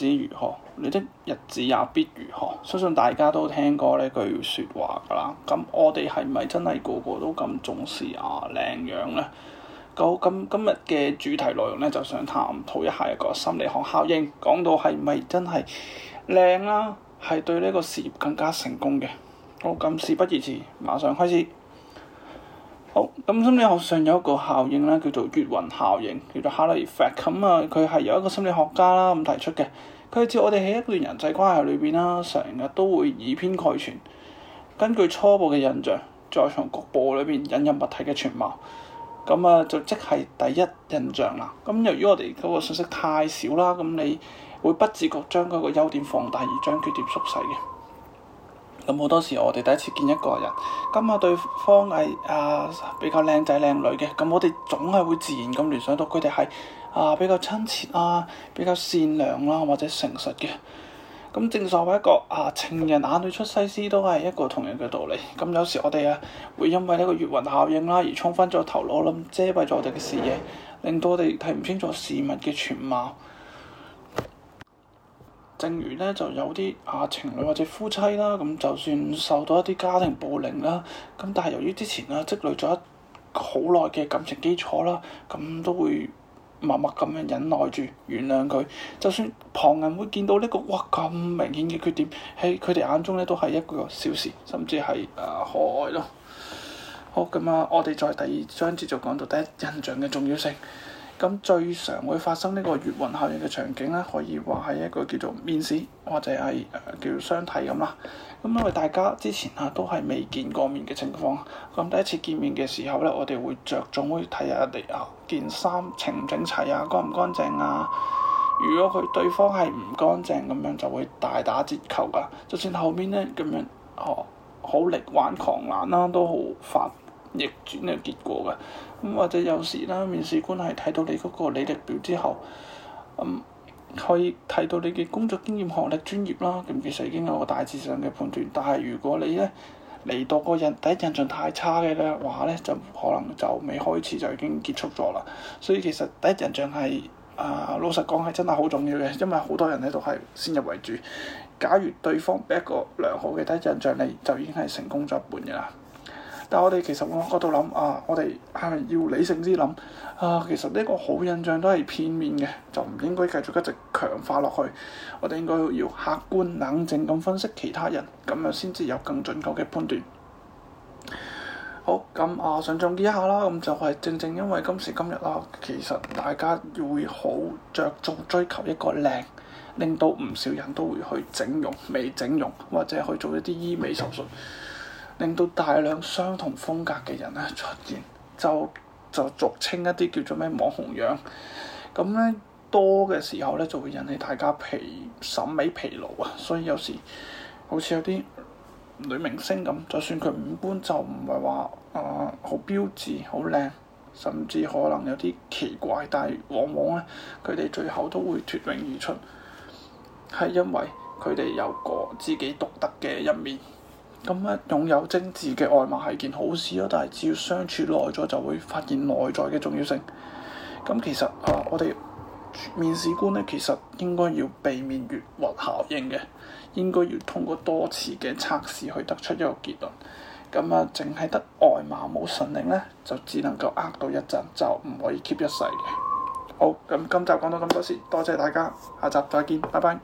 日子如何，你的日子也必如何。相信大家都聽過呢句說話噶啦。咁我哋係咪真係個個都咁重視啊靚樣呢？咁今今日嘅主題內容呢，就想探討一下一個心理學效應，講到係咪真係靚啦，係對呢個事業更加成功嘅。好，咁事不宜遲，馬上開始。好咁，心理學上有一個效應咧，叫做月暈效應，叫做 Halo Effect。咁、嗯、啊，佢係由一個心理學家啦咁、啊、提出嘅。佢指我哋喺一段人際關係裏邊啦，成、啊、日都會以偏概全，根據初步嘅印象，再從局部裏邊引入物體嘅全貌。咁啊，就即係第一印象啦。咁、啊、由於我哋嗰個信息太少啦，咁、啊、你會不自覺將嗰個優點放大而將缺點縮細嘅。咁好多時我哋第一次見一個人，咁啊對方係啊比較靚仔靚女嘅，咁我哋總係會自然咁聯想到佢哋係啊比較親切啊，比較善良啦、啊，或者誠實嘅。咁正所謂一個啊情人眼裏出西施，都係一個同樣嘅道理。咁有時我哋啊會因為呢個月暈效應啦，而衝昏咗頭腦啦，遮蔽咗我哋嘅視野，令到我哋睇唔清楚事物嘅全貌。正如咧就有啲啊情侶或者夫妻啦，咁就算受到一啲家庭暴力啦，咁但係由於之前啊積累咗一好耐嘅感情基礎啦，咁都會默默咁樣忍耐住，原諒佢。就算旁人會見到呢、這個哇咁明顯嘅缺點，喺佢哋眼中咧都係一個小事，甚至係啊可愛咯。好，咁啊，我哋再第二章節就講到第一印象嘅重要性。咁最常會發生呢個月暈效應嘅場景咧，可以話係一個叫做面試或者係誒、呃、叫相睇咁啦。咁因為大家之前啊都係未見過面嘅情況，咁第一次見面嘅時候咧，我哋會着重去睇下人哋啊件衫整唔整齊啊，乾唔乾淨啊。如果佢對方係唔乾淨咁樣，就會大打折扣噶。就算後面咧咁樣，哦好力挽狂瀾啦，都好煩。逆轉嘅結果㗎，咁或者有時啦，面試官係睇到你嗰個履歷表之後，咁、嗯、可以睇到你嘅工作經驗、學歷、專業啦，咁其實已經有個大致上嘅判斷。但係如果你呢嚟到個人第一印象太差嘅話呢，就可能就未開始就已經結束咗啦。所以其實第一印象係啊，老實講係真係好重要嘅，因為好多人喺度係先入為主。假如對方俾一個良好嘅第一印象，你就已經係成功咗一半㗎啦。但我哋其實我喺嗰度諗啊，我哋係咪要理性啲諗啊？其實呢個好印象都係片面嘅，就唔應該繼續一直強化落去。我哋應該要客觀冷靜咁分析其他人，咁樣先至有更準確嘅判斷。好，咁啊，想總結一下啦，咁就係正正因為今時今日啦，其實大家會好着重追求一個靚，令到唔少人都會去整容、未整容或者去做一啲醫美手術。令到大量相同風格嘅人咧出現，就就俗稱一啲叫做咩網紅樣，咁咧多嘅時候咧就會引起大家疲審美疲勞啊！所以有時好似有啲女明星咁，就算佢五官就唔係話誒好標致、好靚，甚至可能有啲奇怪，但係往往咧佢哋最後都會脫穎而出，係因為佢哋有個自己獨特嘅一面。咁啊、嗯，擁有精緻嘅外貌係件好事咯，但係只要相處耐咗，就會發現內在嘅重要性。咁、嗯、其實啊，我哋面試官咧，其實應該要避免越混效應月暈效應嘅，應該要通過多次嘅測試去得出一個結論。咁、嗯、啊，淨、嗯、係得外貌冇神靈咧，就只能夠呃到一陣，就唔可以 keep 一世嘅。好，咁、嗯、今集講到咁多先，多謝大家，下集再見，拜拜。